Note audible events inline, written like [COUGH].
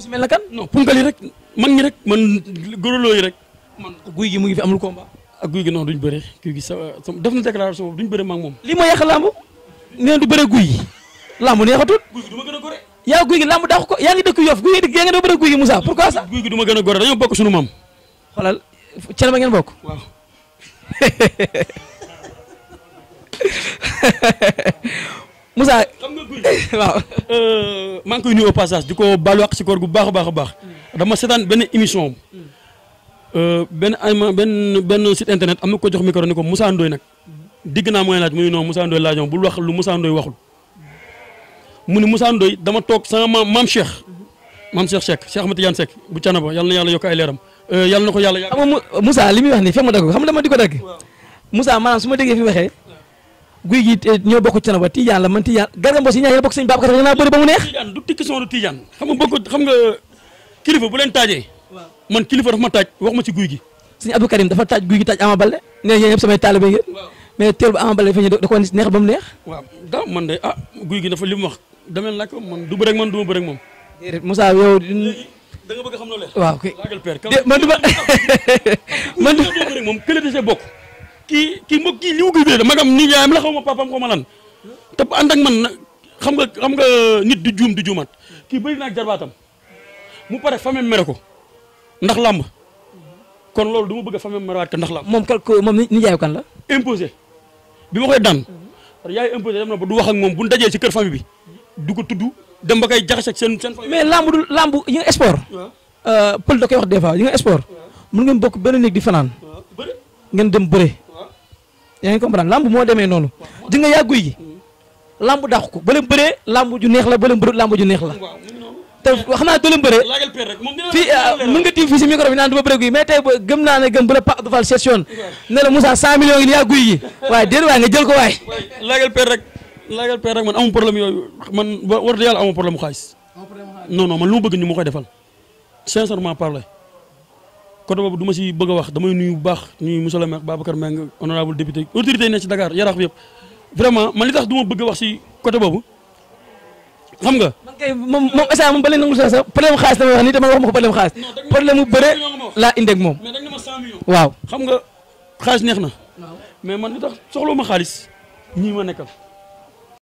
ku si mel na kan non rek man ñi rek man góorloo yi rek man guy gi mu ngi fi amul combat ak guy gi non duñ bëre guy gi sa def na déclaration boobu duñ bëre ma ak moom lii mooy yàq lamb nee du bëre guy gi lamb neexatul guy gi du ma gën a gore yaa guy gi lamb daax ko yaa ngi dëkk yof guy gi yaa ngi doo bëre guy gi Moussa pourquoi ça guy gi du ma gën a gore dañoo bokk suñu maam xoolal cere ba ngeen bokk waaw [LAUGHS] waaw euh, maa ngi koy nuyu au passage di ko baalu ak si koor gu baax a baax a baax dama seetaan benn émission euh, benn ama benn benn site internet am na ko jox micro ni ko Moussa Ndoye nag digg naa mooy laaj mu ne non musaan Ndoye laajoon bul wax lu Moussa Ndoye waxul mu ne Moussa Ndoye dama toog sama maam maam Cheikh maam Cheikh Cheikh ma Ahmed Tidiane Seck bu Canaba yàlla na yàlla yokk ay leeram euh, yàlla na ko yàlla. xam nga li muy wax nii fi ma dagg xam nga dama di ko guy gi eh, ñoo bokk Thiénaba Tidiane la man Tidiane Garga Mbossé ñaar yéen a bokk sëñ Babacar yéen a bëri ba mu neex Tidiane du tikki son du Tidiane xam nga bokk xam nga kilifa bu leen taajee man kilifa dafa ma taaj wax ma ci guy gi sëñ Abdou Karim dafa taaj guy gi taaj Ama Baldé ne yéen samay taalibe ngeen teelu ba Ama Baldé fi ñu da ko neex ba mu neex waaw daaw man de ah, li mu wax dameen laaj ko man du bëreeg man du ma bëreeg moom déedéet Moussa da nga bëgg xam loolu waaw man du ma [LAUGHS] [LAUGHS] man du ma bëreeg moom kële da see bokk kii kii mbokk kii liw gi dee magam nijaayam la xaw ma papam xaw ma lan te ànd ak man xam nga xam nga nit du juum du juumat kii bëri naag jarbaatam mu pare famem mere ko ndax làmb kon loolu du ma bëgg a famem merewaat ko ndax làmb moom kal ko moom nijaayu kan la imposé bi ma koy daan mm-hmm. yaay imposé dem na du wax ak moom bu dajee si kër famille bi du ko tudd dem ba koy jaxase ak seen seen mais làmb du làmb yi nga sport euh, pël da koy wax des fois yi nga sport mun ngeen bokk benn néeg di fanaan ngeen dem bëre yaa ngi lamb moo demee noonu di nga yàggu yi lamb dàq ko bële bëree lamb ju neex la bële bërut lamb ju neex la te xam naa doo leen bëree fii ah, mën nga tiim fii si micro naan du ma bëree guy mais tey gëm naa ne gëm bu la Pape Abdou Fall session ne la Moussa 100 millions yi nii yaa guy yi waaye déedéet waaye nga jël ko waay. laagal peer rek laagal man amul problème yooyu man war na yàlla amul problème mu xaalis non man lu bëgg ñu ma koy defal côté boobu ma si bëgg a wax damay nuyu bu baax nuyu monsieur le maire Babacar Mbengue honorable député autorité yi Dakar yaraax bi yëpp man li tax du ma bëgg wax si côté boobu xam nga. man kay moom moom instant moom ba léegi nangul sa sa problème xaalis dama wax nii dama wax ma ko problème xaalis. problème mu bëre laa indi ak xam nga xaalis neex na. mais man li tax soxla ma xaalis ñii ma nekkal.